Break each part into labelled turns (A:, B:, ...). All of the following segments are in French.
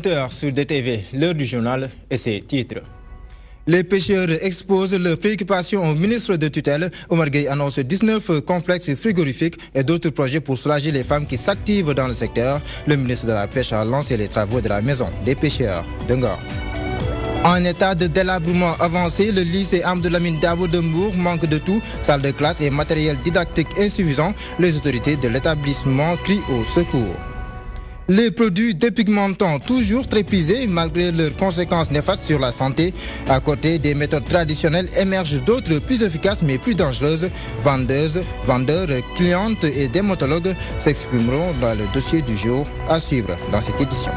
A: 20h sur DTV, l'heure du journal et ses titres. Les pêcheurs exposent leurs préoccupations au ministre de tutelle. Omar Gueye annonce 19 complexes frigorifiques et d'autres projets pour soulager les femmes qui s'activent dans le secteur. Le ministre de la Pêche a lancé les travaux de la maison des pêcheurs de En état de délabrement avancé, le lycée Armes de Lamine Davo de manque de tout, salle de classe et matériel didactique insuffisant. Les autorités de l'établissement crient au secours. Les produits dépigmentants, toujours très prisés malgré leurs conséquences néfastes sur la santé. À côté des méthodes traditionnelles, émergent d'autres plus efficaces mais plus dangereuses. Vendeuses, vendeurs, clientes et dématologues s'exprimeront dans le dossier du jour à suivre dans cette édition.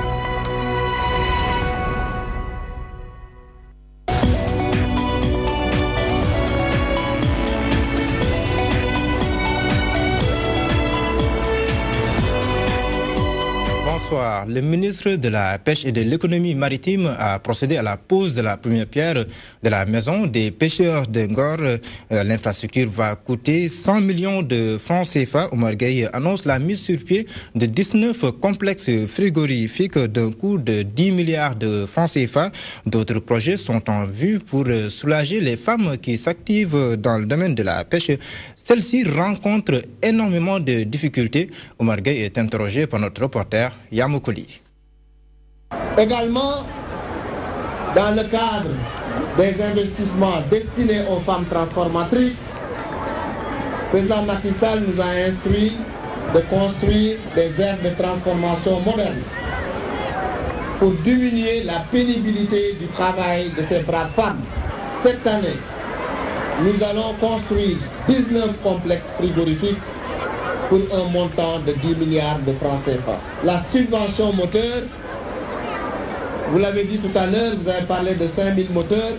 A: le ministre de la Pêche et de l'économie maritime a procédé à la pose de la première pierre de la maison des pêcheurs de euh, L'infrastructure va coûter 100 millions de francs CFA. Omar Gaye annonce la mise sur pied de 19 complexes frigorifiques d'un coût de 10 milliards de francs CFA. D'autres projets sont en vue pour euh, soulager les femmes qui s'activent dans le domaine de la pêche. Celles-ci rencontrent énormément de difficultés. Omar Gaye est interrogé par notre reporter Yamoukoli.
B: Également, dans le cadre des investissements destinés aux femmes transformatrices, le président Macky Sall nous a instruit de construire des aires de transformation modernes pour diminuer la pénibilité du travail de ces braves femmes. Cette année, nous allons construire 19 complexes frigorifiques pour un montant de 10 milliards de francs CFA. La subvention moteur vous l'avez dit tout à l'heure, vous avez parlé de 5 000 moteurs,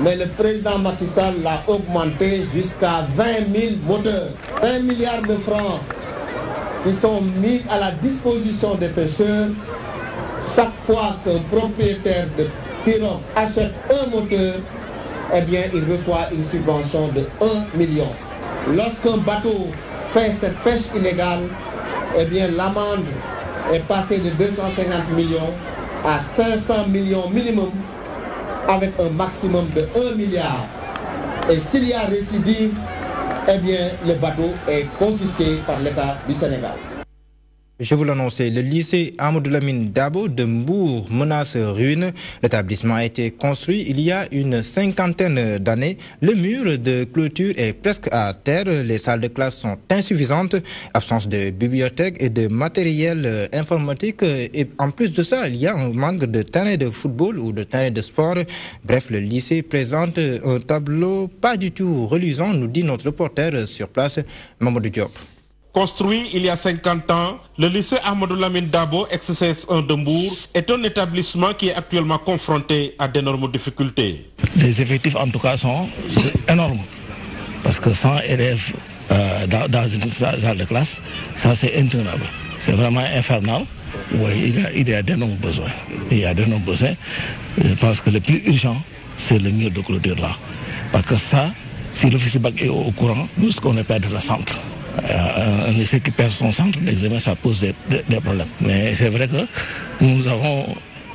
B: mais le président Macky Sall l'a augmenté jusqu'à 20 000 moteurs. 1 milliard de francs qui sont mis à la disposition des pêcheurs chaque fois qu'un propriétaire de pirogue achète un moteur, eh bien, il reçoit une subvention de 1 million. Lorsqu'un bateau fait cette pêche illégale, eh bien, l'amende est passée de 250 millions à 500 millions minimum avec un maximum de 1 milliard. Et s'il y a récidive, eh bien, le bateau est confisqué par l'État du Sénégal.
A: Je vous l'annoncer, le lycée Amadou Lamine Dabo de Mbourg menace ruine. L'établissement a été construit il y a une cinquantaine d'années. Le mur de clôture est presque à terre. Les salles de classe sont insuffisantes. Absence de bibliothèque et de matériel informatique. Et en plus de ça, il y a un manque de terrain de football ou de terrain de sport. Bref, le lycée présente un tableau pas du tout reluisant, nous dit notre reporter sur place, Mamadou Diop. Construit il y a 50 ans, le lycée Amadou Lamine Dabo, ex 1 de est un
C: établissement qui est actuellement confronté à d'énormes difficultés.
D: Les effectifs, en tout cas, sont énormes. Parce que sans élèves euh, dans, une salle de classe, ça c'est intenable. C'est vraiment infernal. il y a, a d'énormes besoins. Il y a d'énormes besoins. Je pense que le plus urgent, c'est le mur de clôture là. Parce que ça, si l'officier BAC est au courant, nous, ce qu'on pas de la centre. Euh, un lycée qui perd son centre, l'examen, ça pose des, problèmes. Mais c'est vrai que nous avons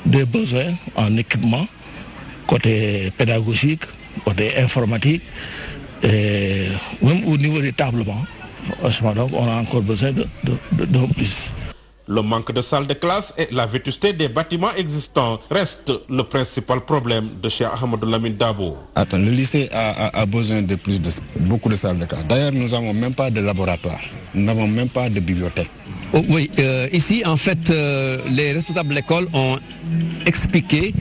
D: des besoins en équipement, côté pédagogique, côté informatique, et même au niveau des tablements. on a encore besoin de, plus.
C: Le manque de salles de classe et la vétusté des bâtiments existants restent le principal problème de chez Ahmed Lamine Dabo.
B: Attends, le lycée
C: a, besoin de plus de beaucoup de salles de classe. D'ailleurs, nous n'avons même pas de laboratoire, nous n'avons même pas de bibliothèque.
E: Oh, oui, euh, ici, en fait, euh, les responsables de l'école ont expliqué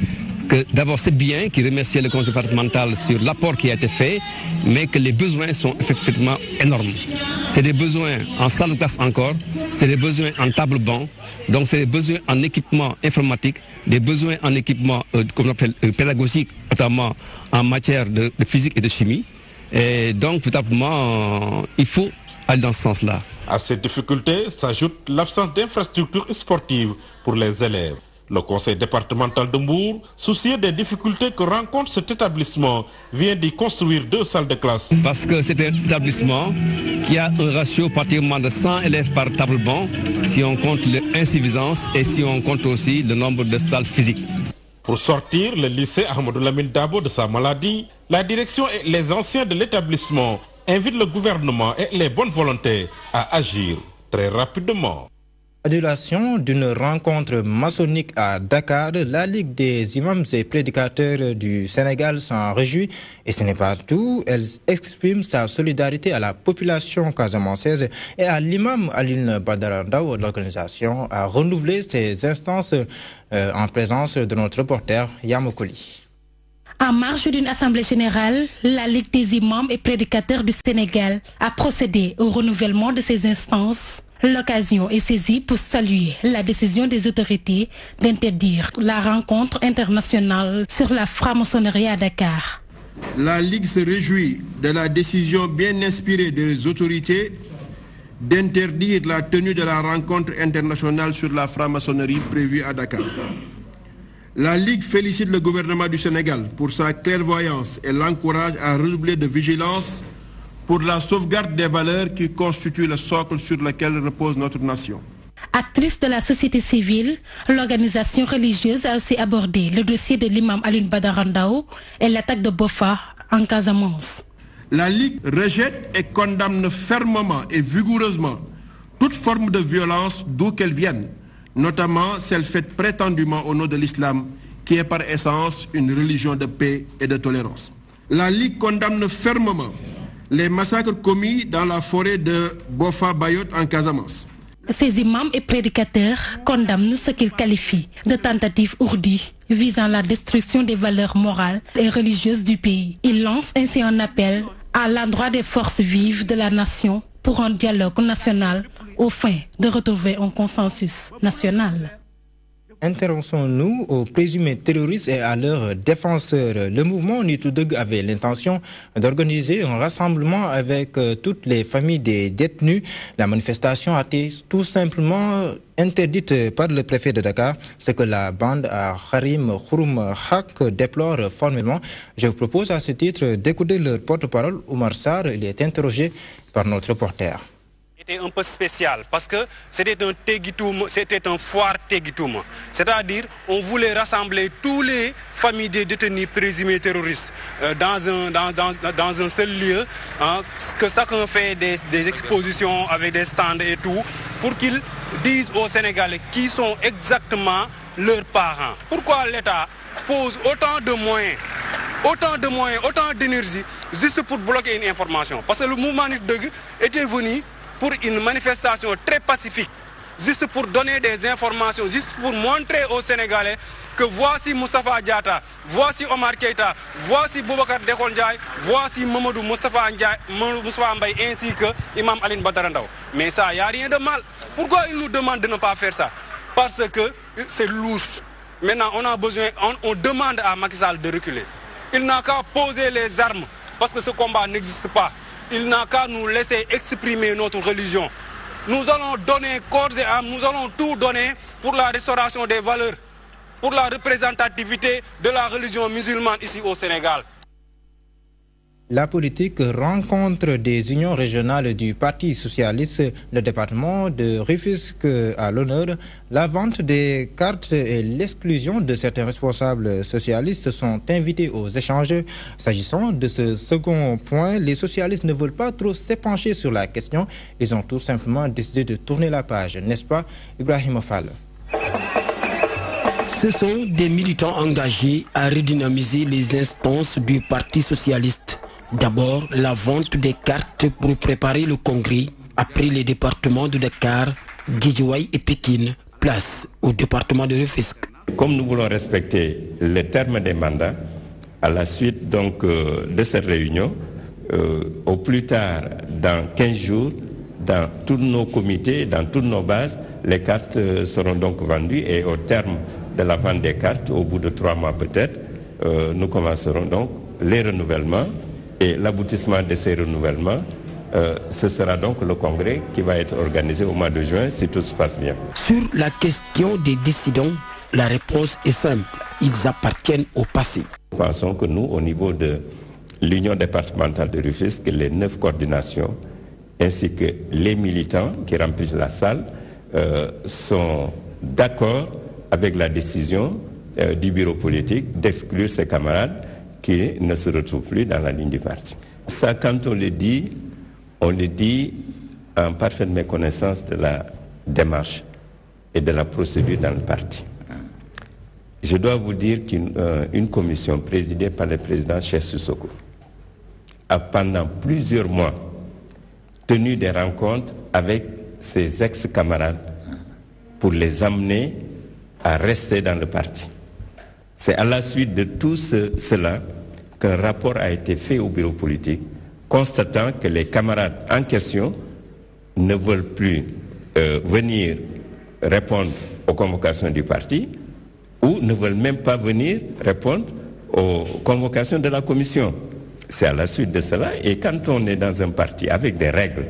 E: d'abord c'est bien qu'il remercie le conseil départemental sur l'apport qui a été fait, mais que les besoins sont effectivement énormes. C'est des besoins en salle de classe encore, c'est des besoins en table banc, donc c'est des besoins en équipement informatique, des besoins en équipement euh, comme on appelle, euh, pédagogique, notamment en matière de, physique et de chimie. Et donc, tout euh, il faut aller dans ce sens-là. À ces
C: difficultés s'ajoute l'absence d'infrastructures sportives pour les élèves. Le conseil départemental de Mbour, soucié des difficultés que rencontre cet établissement, vient d'y
E: construire deux salles de classe. Parce que c'est un établissement qui a un ratio pratiquement de 100 élèves par table bon, si on compte l'insuffisance et si on compte aussi le nombre de
C: salles physiques. Pour sortir le lycée Ahmadou Lamine Dabo de sa maladie, la direction et les anciens de l'établissement invitent le gouvernement et les bonnes volontés à agir
A: très rapidement. Adulation d'une rencontre maçonnique à Dakar, la Ligue des imams et prédicateurs du Sénégal s'en réjouit et ce n'est pas tout. Elle exprime sa solidarité à la population casamanceaise et à l'imam Aline Badarandao. L'organisation a renouvelé ses instances euh, en présence de notre reporter Yamoukoli.
F: En marge d'une assemblée générale, la Ligue des imams et prédicateurs du Sénégal a procédé au renouvellement de ses instances L'occasion est saisie pour saluer la décision des autorités d'interdire la rencontre internationale sur la franc-maçonnerie à Dakar.
C: La Ligue se réjouit de la décision bien inspirée des autorités d'interdire la tenue de la rencontre internationale sur la franc-maçonnerie prévue à Dakar. La Ligue félicite le gouvernement du Sénégal pour sa clairvoyance et l'encourage à redoubler de vigilance pour la sauvegarde des valeurs qui constituent le socle sur lequel repose notre nation.
F: Actrice de la société civile, l'organisation religieuse a aussi abordé le dossier de l'imam Alun Badarandao et l'attaque de Bofa en Casamance.
C: La Ligue rejette et condamne fermement et vigoureusement toute forme de violence d'où qu'elle vienne, notamment celle faite prétendument au nom de l'islam, qui est par essence une religion de paix et de tolérance. La Ligue condamne fermement les massacres commis dans la forêt de Bofa Bayot en Casamance.
F: Ces imams et prédicateurs condamnent ce qu'ils qualifient de tentatives ourdies visant la destruction des valeurs morales et religieuses du pays. Ils lancent ainsi un appel à l'endroit des forces vives de la nation pour un dialogue national au fin de retrouver un consensus national
A: intervenons nous aux présumés terroristes et à leurs défenseurs. Le mouvement Nutudeg avait l'intention d'organiser un rassemblement avec euh, toutes les familles des détenus. La manifestation a été tout simplement interdite par le préfet de Dakar, ce que la bande à Harim Khouroum Hak déplore formellement. Je vous propose à ce titre d'écouter leur porte-parole, Oumar Sarr. Il est interrogé par notre reporter
G: était un peu spécial parce que c'était un c'était un foire tegitoum. C'est-à-dire, on voulait rassembler tous les familles des détenus présumés terroristes euh, dans, un, dans, un seul lieu, hein, que qu'on fait des, expositions avec des stands et tout, pour qu'ils disent aux Sénégalais qui sont exactement leurs parents. Pourquoi l'État pose autant de moyens autant de moyens, autant d'énergie, juste pour bloquer une information. Parce que le mouvement était venu pour une manifestation très pacifique, juste pour donner des informations, juste pour montrer aux Sénégalais que voici Moustapha Diata, voici Omar Keita, voici Boubacar Ndiaye, voici Mamadou Moustapha Ndiaye, Mbaye ainsi que Imam Aline Badarandao. Mais ça, il n'y a rien de mal. Pourquoi ils nous demandent de ne pas faire ça Parce que c'est lourd. Maintenant, on a besoin, on, on demande à Macky Sall de reculer. Il n'a qu'à poser les armes parce que ce combat n'existe pas il n'a qu'à nous laisser exprimer notre religion. Nous allons donner corps et âme, nous allons tout donner pour la restauration des valeurs, pour la représentativité de la religion musulmane ici au Sénégal.
A: La politique rencontre des unions régionales du Parti socialiste, le département de Rufusque à l'honneur. La vente des cartes et l'exclusion de certains responsables socialistes sont invités aux échanges. S'agissant de ce second point, les socialistes ne veulent pas trop s'épancher sur la question. Ils ont tout simplement décidé de tourner la page, n'est-ce pas, Ibrahim Fall ce sont
H: des militants engagés à redynamiser les instances du Parti socialiste. D'abord, la vente des cartes pour préparer le congrès. Après les départements de Dakar, Guijouaï et Pékin, place au département de Rufisque. Comme nous
I: voulons respecter les termes des mandats, à la suite euh, de cette réunion, euh, au plus tard dans 15 jours, dans tous nos comités, dans toutes nos bases, les cartes euh, seront donc vendues et au terme de la vente des cartes, au bout de trois mois peut-être, nous commencerons donc les renouvellements et l'aboutissement de ces renouvellements, euh, ce sera donc le congrès qui va être organisé au mois de juin si tout se passe bien.
H: Sur la question des dissidents, la réponse est simple. Ils appartiennent au passé.
I: Nous pensons que nous, au niveau de l'Union départementale de que les neuf coordinations, ainsi que les militants qui remplissent la salle, euh, sont d'accord avec la décision euh, du bureau politique d'exclure ses camarades qui ne se retrouvent plus dans la ligne du parti. Ça, quand on le dit, on le dit en parfaite méconnaissance de la démarche et de la procédure dans le parti. Je dois vous dire qu'une euh, commission présidée par le président Cheikh Soussoukou a pendant plusieurs mois tenu des rencontres avec ses ex-camarades pour les amener à rester dans le parti. C'est à la suite de tout cela qu'un rapport a été fait au bureau politique constatant que les camarades en question ne veulent plus euh, venir répondre aux convocations du parti ou ne veulent même pas venir répondre aux convocations de la commission. C'est à la suite de cela. Et quand on est dans un parti avec des règles,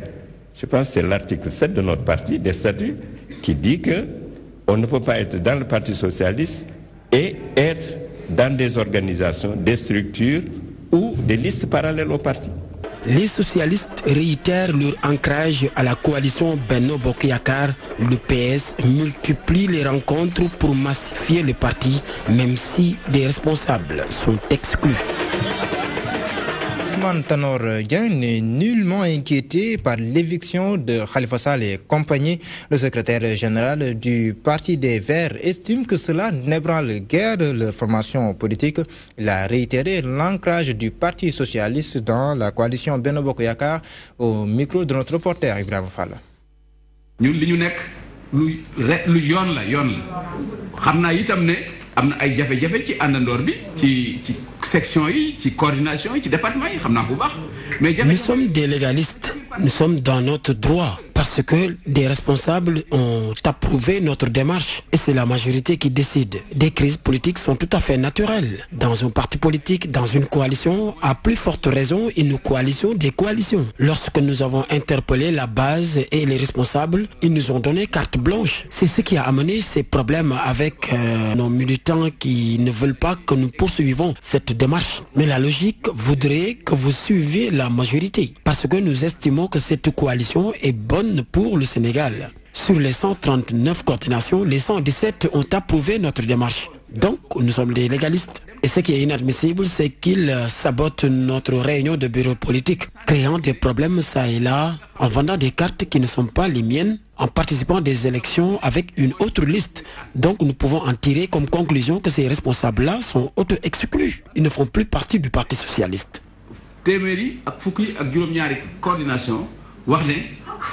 I: je pense que c'est l'article 7 de notre parti, des statuts, qui dit que on ne peut pas être dans le Parti socialiste et être dans des organisations, des structures ou des listes parallèles
H: au parti. Les socialistes réitèrent leur ancrage à la coalition Benno Bokyakar. Le PS multiplie les rencontres pour massifier le parti,
A: même si des responsables sont exclus. Ousmane Tanor n'est nullement inquiété par l'éviction de Khalifa Sall et compagnie. Le secrétaire général du Parti des Verts estime que cela n'ébranle guère la formation politique. Il a réitéré l'ancrage du Parti socialiste dans la coalition Benobo Yakar au micro de notre reporter Ibrahim Fall
C: am na ay jafe-jafe ci àndandoor bi ci ci section yi ci coordination yi ci département yi xam naa
H: bu baax mais jafe nous sommes des légalistes nous sommes dans notre droit parce que des responsables ont approuvé notre démarche et c'est la majorité qui décide. Des crises politiques sont tout à fait naturelles. Dans un parti politique, dans une coalition, à plus forte raison, une coalition des coalitions. Lorsque nous avons interpellé la base et les responsables, ils nous ont donné carte blanche. C'est ce qui a amené ces problèmes avec euh, nos militants qui ne veulent pas que nous poursuivons cette démarche. Mais la logique voudrait que vous suiviez la majorité parce que nous estimons que cette coalition est bonne pour le Sénégal. Sur les 139 coordinations, les 117 ont approuvé notre démarche. Donc, nous sommes des légalistes. Et ce qui est inadmissible, c'est qu'ils sabotent notre réunion de bureau politique, créant des problèmes ça et là, en vendant des cartes qui ne sont pas les miennes, en participant à des élections avec une autre liste. Donc, nous pouvons en tirer comme conclusion que ces responsables-là sont auto-exclus. Ils ne font plus partie du Parti socialiste.
C: téeméer yi ak fukk yi ak juróom-ñaari coordination wax ne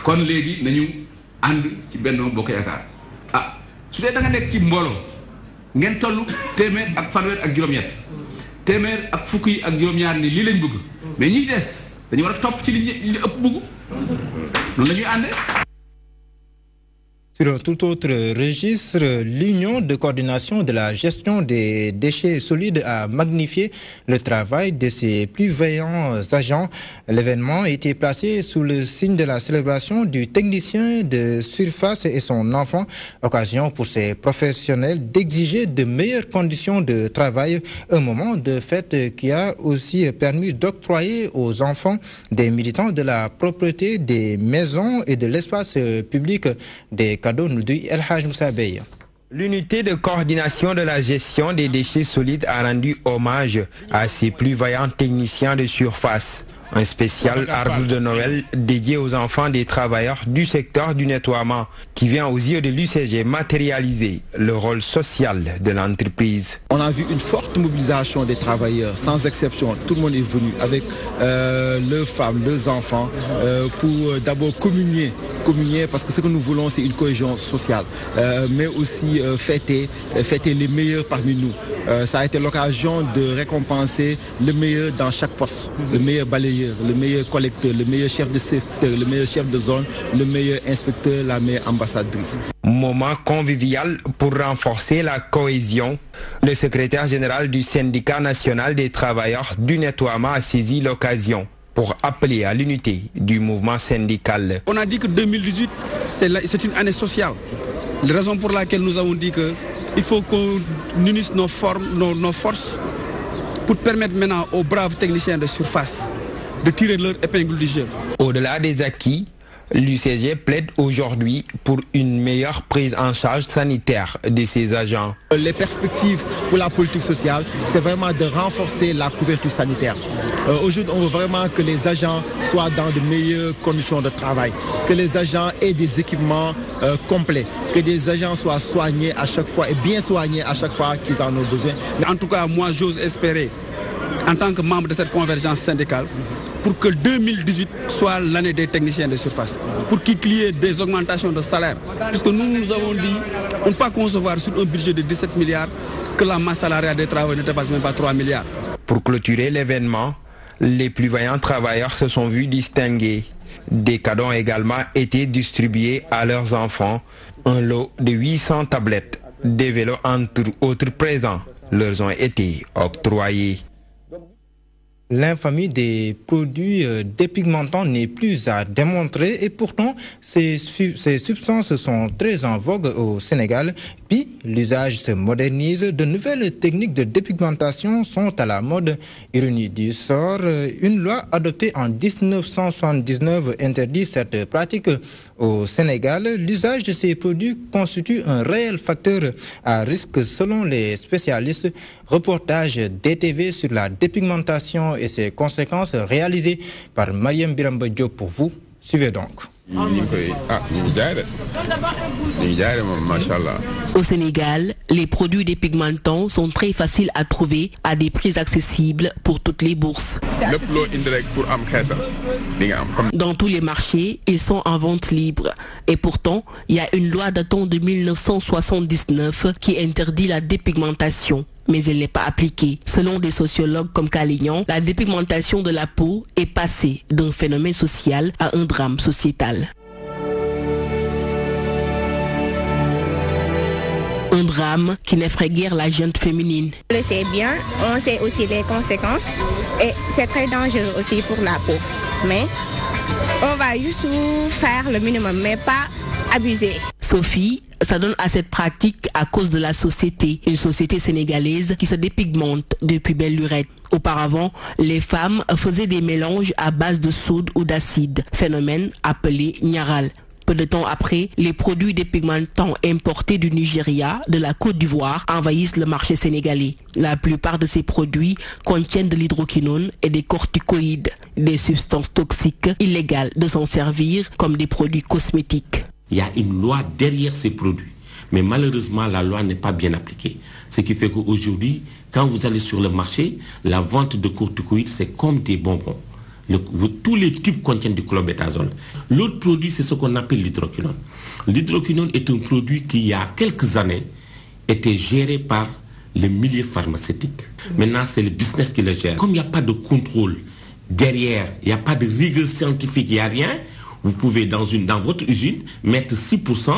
C: kon léegi nañu ànd ci benn Bokk Yaakaar ah su dee da nekk ci mbooloo ngeen toll téeméer ak fanweer ak juróom-ñett ak fukk yi ak juróom-ñaar ni lii lañ bugg mais ñi des dañu war a topp ci li li ëpp bëgg noonu la ñuy
A: Sur tout autre registre, l'Union de coordination de la gestion des déchets solides a magnifié le travail de ses plus veillants agents. L'événement a été placé sous le signe de la célébration du technicien de surface et son enfant, occasion pour ces professionnels d'exiger de meilleures conditions de travail, un moment de fête qui a aussi permis d'octroyer aux enfants des militants de la propreté des maisons et de l'espace public des
E: L'unité de coordination de la gestion des déchets solides a rendu hommage à ses plus vaillants techniciens de surface un spécial arbre de Noël dédié aux enfants des travailleurs du secteur du nettoiement qui vient aux yeux de l'UCG matérialiser le rôle social de l'entreprise. On a vu une forte mobilisation des travailleurs, sans exception. Tout le monde est venu avec euh, leurs femmes, leurs enfants, euh, pour euh, d'abord communier, communier parce que ce que nous voulons, c'est une cohésion sociale, mais aussi fêter, fêter les meilleurs parmi nous. ça a été l'occasion de récompenser le meilleur dans chaque poste, le meilleur balayeur le meilleur collecteur, le meilleur chef de secteur, le meilleur chef de zone, le meilleur inspecteur, la meilleure ambassadrice. Moment convivial pour renforcer la cohésion. Le secrétaire général du syndicat national des travailleurs du nettoiement a saisi l'occasion pour appeler à l'unité du mouvement syndical. On a dit que 2018,
G: c'est une année sociale. La raison pour laquelle nous avons dit qu'il faut qu'on unisse nos, nos forces pour permettre maintenant aux braves techniciens de surface
E: de tirer leur épingle du jeu. Au-delà des acquis, l'UCG plaide aujourd'hui pour une meilleure prise en charge sanitaire de ses agents. Les perspectives pour la politique sociale, c'est vraiment de renforcer la couverture sanitaire. Euh, aujourd'hui, on veut vraiment que les agents soient dans de meilleures conditions de travail, que les agents aient des équipements euh, complets, que des agents soient soignés à chaque fois et bien soignés à chaque fois qu'ils en ont besoin. En tout cas, moi, j'ose espérer en tant que membre de cette convergence syndicale,
G: pour que 2018 soit l'année des techniciens de surface, pour qu'il y ait des augmentations de salaire. Puisque nous, nous avons dit, on ne peut pas concevoir sur un budget de 17 milliards que la masse salariale des travailleurs n'était pas même pas 3 milliards.
E: Pour clôturer l'événement, les plus vaillants travailleurs se sont vus distinguer. Des cadeaux ont également été distribués à leurs enfants, un lot de 800 tablettes, des vélos entre autres présents, leur ont été octroyés.
A: L'infamie des produits euh, dépigmentants n'est plus à démontrer et pourtant ces, substances sont très en vogue au Sénégal. Puis l'usage se modernise, de nouvelles techniques de dépigmentation sont à la mode. Ironie du sort, euh, une loi adoptée en 1979 interdit cette pratique. Au Sénégal, l'usage de ces produits constitue un réel facteur à risque selon les spécialistes. Reportage DTV sur la dépigmentation et ses conséquences réalisé par Mariam Biramba pour vous. Suivez donc.
C: Ah, ah,
J: Au Sénégal, les produits dépigmentants sont très faciles à trouver à des prix accessibles pour toutes les bourses. Dans tous les marchés, ils sont en vente libre et pourtant, il y a une loi datant de 1979 qui interdit la dépigmentation mais elle n'est pas appliquée. Selon des sociologues comme Calignan, la dépigmentation de la peau est passée d'un phénomène social à un drame sociétal. un drame qui n'effraie guère la jeune
K: féminine. On le sait bien, on sait aussi les conséquences et c'est très dangereux aussi pour la peau. Mais on va juste faire le minimum, mais pas abuser.
J: Sophie ça donne à cette pratique à cause de la société, une société sénégalaise qui se dépigmente depuis belle lurette. Auparavant, les femmes faisaient des mélanges à base de soude ou d'acide, phénomène appelé nyaral. Peu de temps après, les produits dépigmentants importés du Nigeria, de la Côte d'Ivoire, envahissent le marché sénégalais. La plupart de ces produits contiennent de l'hydroquinone et des corticoïdes, des substances toxiques illégales de s'en servir comme des produits cosmétiques. Il y
L: a une loi derrière ces produits. Mais malheureusement, la loi n'est pas bien appliquée. Ce qui fait qu'aujourd'hui, quand vous allez sur le marché, la vente de corticoïdes, c'est comme des bonbons. tous les tubes contiennent du chlobétazole. L'autre produit, c'est ce qu'on appelle l'hydroquinone. L'hydroquinone est un produit qui, il y a quelques années, était géré par les milieu pharmaceutique. Maintenant, c'est le business qui le gère. Comme il n'y a pas de contrôle derrière, il n'y a pas de rigueur scientifique, il n'y a rien, vous pouvez, dans, votre usine, mettre 6%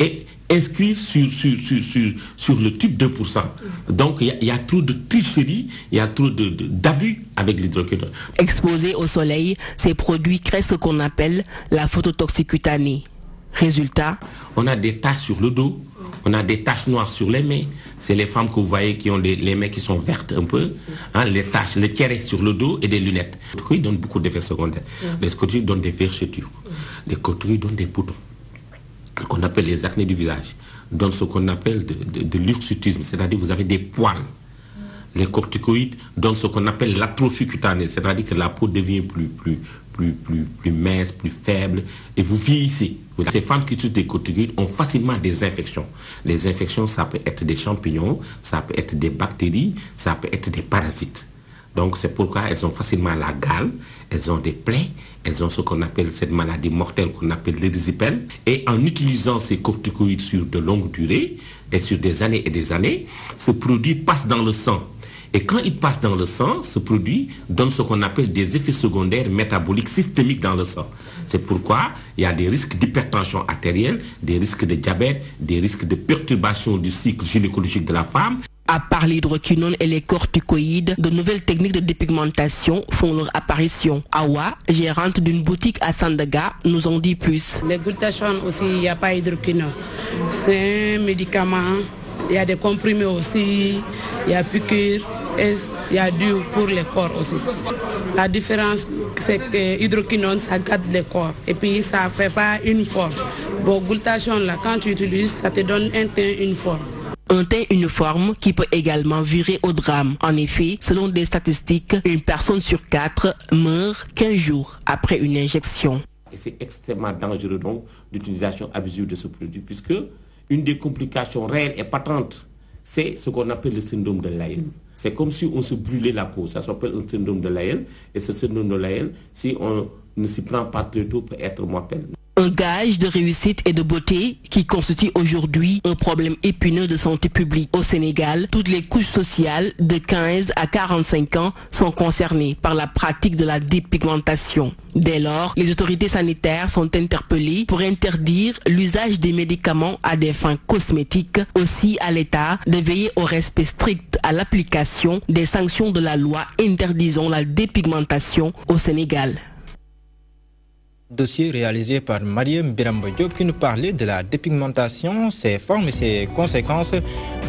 L: et inscrire sur, le type 2%. Donc il y, a trop de tricherie, il y a trop d'abus avec l'hydrocarbone.
J: Exposés au soleil, ces produits créent ce qu'on appelle la phototoxicutanie. Résultat
L: On a des taches sur le dos, on a des taches noires sur les mains, c'est les femmes que vous voyez qui ont les, mains qui sont vertes un peu, mm. hein, les taches, les tirer sur le dos et des lunettes. Mm. Les corticoïdes donnent beaucoup d'effets secondaires. Mm. Les corticoïdes donnent des vergetures. Les corticoïdes donnent des boutons, qu'on appelle les acnés du village. Donnent ce qu'on appelle de, de, c'est-à-dire vous avez des poils. Les corticoïdes donnent ce qu'on appelle l'atrophie cutanée, c'est-à-dire que la peau devient plus, plus, plus, plus, plus minces, plus faibles, et vous vieillissez. Ces femmes qui utilisent des corticoïdes ont facilement des infections. Les infections, ça peut être des champignons, ça peut être des bactéries, ça peut être des parasites. Donc c'est pourquoi elles ont facilement la gale, elles ont des plaies, elles ont ce qu'on appelle cette maladie mortelle qu'on appelle l'érysipèle. Et en utilisant ces corticoïdes sur de longues durées et sur des années et des années, ce produit passe dans le sang. Et quand il passe dans le sang, ce produit donne ce qu'on appelle des effets secondaires métaboliques systémiques dans le sang. C'est pourquoi il y a des risques d'hypertension artérielle, des risques de diabète, des risques de perturbation du cycle gynécologique de la femme.
J: À part l'hydroquinone et les corticoïdes, de nouvelles techniques de dépigmentation font leur apparition. Awa, gérante d'une boutique à Sandaga, nous en dit plus. Les glutachones aussi, il n'y a pas hydroquinone. C'est un médicament. Il y a des comprimés aussi, il y a piqûres il y a du pour les corps aussi. La différence, c'est que l'hydroquinone, ça garde les corps et puis ça ne fait pas une forme. Bon, là, quand tu utilises, ça te donne un teint, une forme. Un teint uniforme qui peut également virer au drame. En effet, selon des statistiques, une personne sur quatre meurt 15 jours après une injection.
L: Et c'est extrêmement dangereux donc l'utilisation abusive de ce produit puisque une des complications réelles et patentes, c'est ce qu'on appelle le syndrome de Lyme. C'est comme si on se brûlait la peau. Ça s'appelle un syndrome de haine. Et ce syndrome de haine, si on ne s'y prend pas très tôt, peut être mortel.
J: Un gage de réussite et de beauté qui constitue aujourd'hui un problème épineux de santé publique. Au Sénégal, toutes les couches sociales de 15 à 45 ans sont concernées par la pratique de la dépigmentation. Dès lors, les autorités sanitaires sont interpellées pour interdire l'usage des médicaments à des fins cosmétiques, aussi à l'État de veiller au respect strict à l'application des sanctions de la loi interdisant la dépigmentation au Sénégal.
A: Dossier réalisé par Mariam Birambo qui nous parlait de la dépigmentation, ses formes et ses conséquences.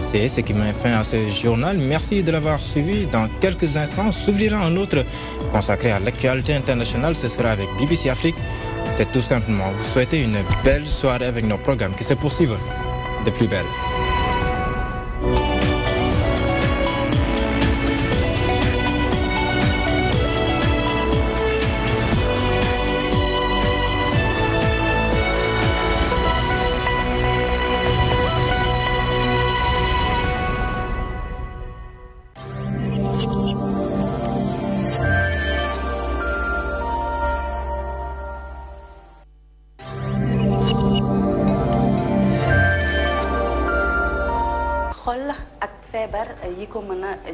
A: C'est ce qui met fin à ce journal. Merci de l'avoir suivi. Dans quelques instants, s'ouvrira un autre consacré à l'actualité internationale. Ce sera avec BBC Afrique. C'est tout simplement vous souhaitez une belle soirée avec nos programmes qui se poursuivent de plus belle.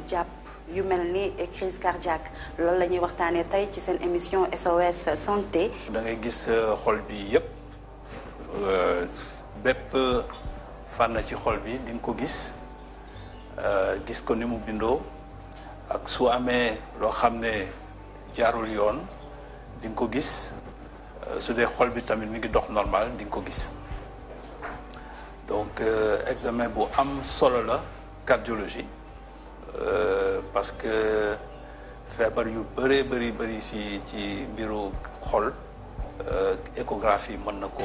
K: jàpp yu mel crise cardiaque loolu la ñuy waxtaanee tey ci sen émission SOS santé.
C: da ngay gis euh, xol bi yépp euh, bép fànn ci xol bi di nga ko gis euh, gis ko ni mu bindoo ak su amé lo xamné ne jaarul yoon di ko gis su dee xol bi tamit mi ngi dox normal di ko gis donc examen bu am solo la cardiologie. Euh, parce que feebar yu bëree bëri bëri si ci mbiru xol euh, échographie mën na ko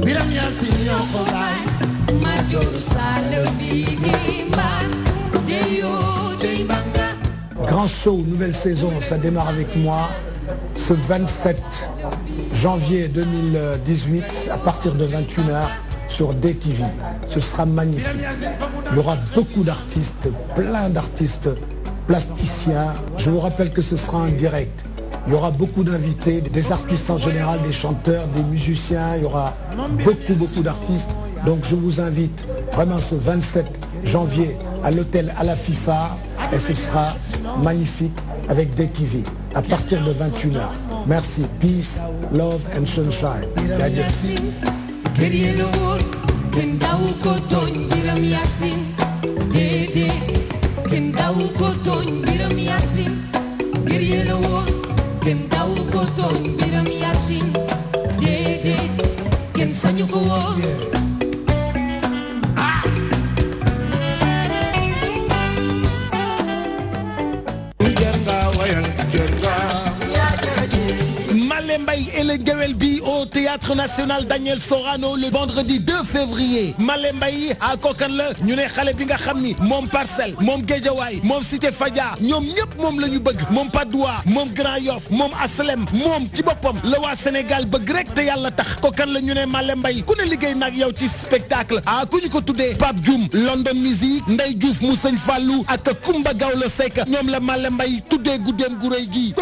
D: biram yaa si ñoo ko baay ma jooru saale
K: bi ngi mbaan de yoo tey
D: mbanga grand show nouvelle
H: saison ça démarre avec moi ce 27 janvier 2018 à partir de 21h sur DTV. Ce sera magnifique. Il y aura beaucoup d'artistes, plein d'artistes plasticiens. Je vous rappelle que ce sera en direct. Il y aura beaucoup d'invités, des artistes en général, des chanteurs, des musiciens. Il y aura beaucoup, beaucoup d'artistes. Donc je vous invite vraiment ce 27 janvier à l'hôtel à la FIFA et ce sera magnifique avec DTV à partir de 21h. merci peace love and sunshine jaajëf
J: kër yi lu wóor kenn daawu ko tooñ mbiram Yaasin
D: déedéet kenn daawu ko tooñ mbiram Yaasin kër yi lu wóor kenn daawu ko tooñ mbiram Yaasin déedéet
J: kenn sañu ko wóor
D: au Théâtre National Daniel Sorano le vendredi 2 février Malembaï à Kokanle la ñu ne xale bi nga xam mon mon Cité Fadia ñoom ñëpp Mom le Nubug bëgg moom mon Aslem Mom ci Lewa Sénégal bëgg rek Kokanle yàlla tax Kokan la ñu ku spectacle à Kuniko Today ko London Music Ndey Diouf Falou Fallou ak Kumba Gawlo Sek, ñoom la Malemba yi goudem guddeem gu rëy gii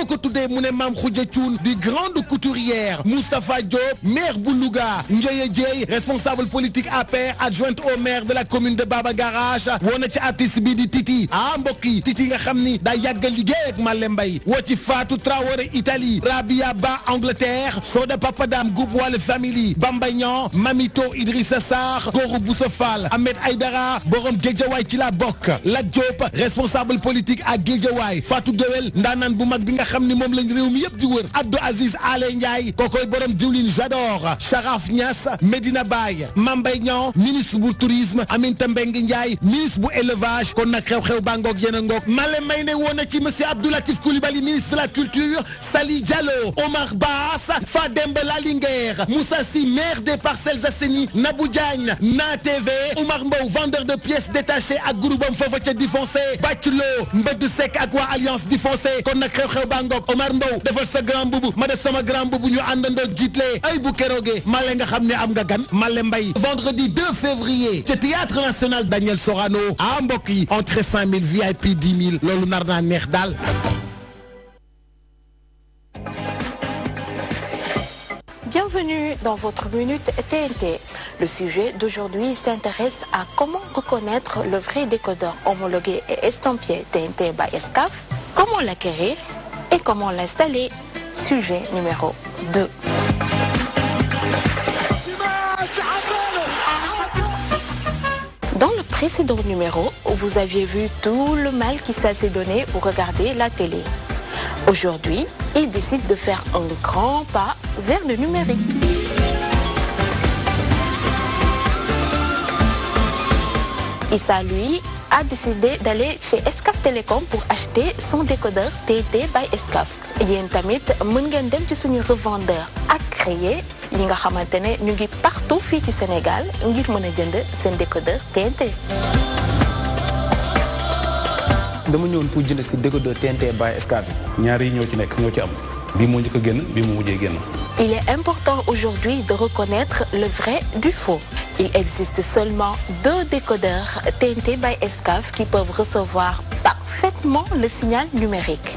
D: mam ko du mu grande couturière Moustapha Diop maire Boulouga, Louga Ndiaye responsable politique à père, adjointe au maire de la commune de Baba Garage woo Titi Amboki, ah, Titi nga Dayad Gali daa yàgg Wati Traoré Italie Rabia Ba Angleterre Soda Papadam Dam Le Family Bambayan, Mamito Idrissa Sarr Gorou Boussefal, Ahmed Aydara, borom Gedjawai Tila Bok, la Diop responsable politique à Guédiawaye Fatou Guewel Ndanan Boumak Binga Khamni, nga Aziz Ale kookoy borom diwlin j'adore Charaf Niass Medina Baye Mambaignan, ministre du tourisme Amin Mbengue ministre pour élevage Konakreo Kheo xew-xew Malem ngoog yéen monsieur Abdoulatif Koulibaly ministre de la culture Sali Diallo Omar Baas Fadembe Lalinguère Moussa maire des Parcelles Zassini, Naboudjane, Diagne Na TV vendeur de pièces détachées à groupam Difoncé Baclo Agua Alliance Difoncé Konakreo Kheo xew Omar Mbou defal grand boubou Madame grand boubou Jitlé, ay bu nga vendredi 2 février ci théâtre national Daniel Sorano à Amboki, entre 5000 VIP 10 000 narna
K: Bienvenue dans votre minute TNT. Le sujet d'aujourd'hui s'intéresse à comment reconnaître le vrai décodeur homologué et estampillé TNT by ESCAF, comment l'acquérir et comment l'installer. Sujet numéro dans le précédent numéro, vous aviez vu tout le mal qui s'est donné pour regarder la télé. Aujourd'hui, il décide de faire un grand pas vers le numérique. Issa, lui, a décidé d'aller chez Escaf Telecom pour acheter son décodeur TT by Escaf. yéen tamit mën ngeen dem ci suñu revendeur agréé yi nga xamante ne ñu ngi partout fii ci Sénégal ngir mën a jënd seen décodeur TNT.
G: dama ñëwoon pour jënd si décodeur TNT by Excaf.
C: ñaar yi ñoo ci nekk ñoo ci am. Il
K: est important aujourd'hui de reconnaître le vrai du faux. Il existe seulement deux décodeurs TNT by SCAF qui peuvent recevoir parfaitement le signal numérique.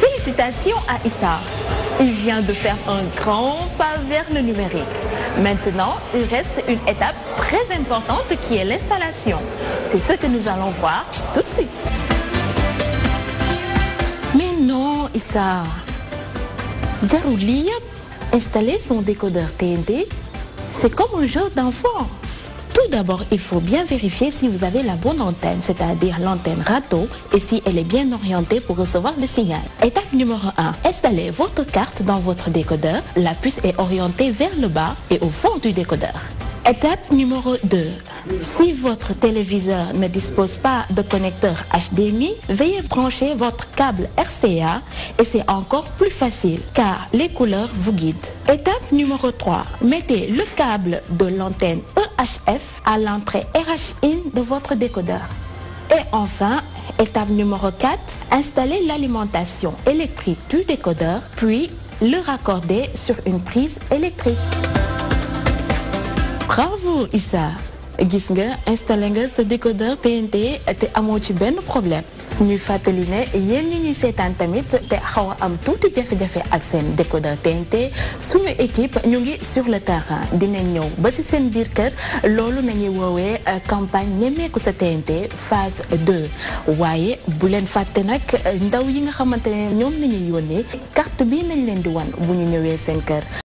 K: Félicitations à Issa. Il vient de faire un grand pas vers le numérique. Maintenant, il reste une étape très importante qui est l'installation. C'est ce que nous allons voir tout de suite. Mais non, Issa. Jarouli installer son décodeur TNT, c'est comme un jeu d'enfant. Tout d'abord, il faut bien vérifier si vous avez la bonne antenne, c'est-à-dire l'antenne râteau, et si elle est bien orientée pour recevoir le signal. Étape numéro 1. Installez votre carte dans votre décodeur. La puce est orientée vers le bas et au fond du décodeur. Étape numéro 2. Si votre téléviseur ne dispose pas de connecteur HDMI, veuillez brancher votre câble RCA et c'est encore plus facile car les couleurs vous guident. Étape numéro 3. Mettez le câble de l'antenne EHF à l'entrée RHIN de votre décodeur. Et enfin, étape numéro 4, installez l'alimentation électrique du décodeur puis le raccorder sur une prise électrique. bravo Issa gis nga installé nga sa décodeur TNT te amoo ci benn problème ñuy fàttali ne yéen ñi ñuy seetaan tamit te xaw a am tuuti jafe-jafe ak seen décodeur TNT suñu équipe ñu ngi sur le terrain dinañ ñëw ba ci seen biir kër loolu nañuy woowee euh, campagne ñemeeku sa TNT phase 2 waaye bu leen fàtte nag euh, ndaw yi nga xamante ne ñoom nañuy yónnee carte bii nañ leen di wan bu ñu ñëwee seen kër